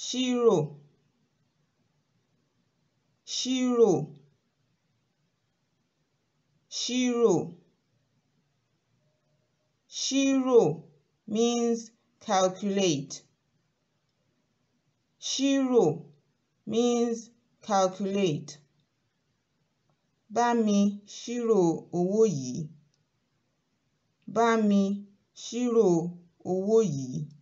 Shiro, shiro, shiro, shiro means calculate Shiro means calculate Bami shiro owoyi. Bami shiro owoyi.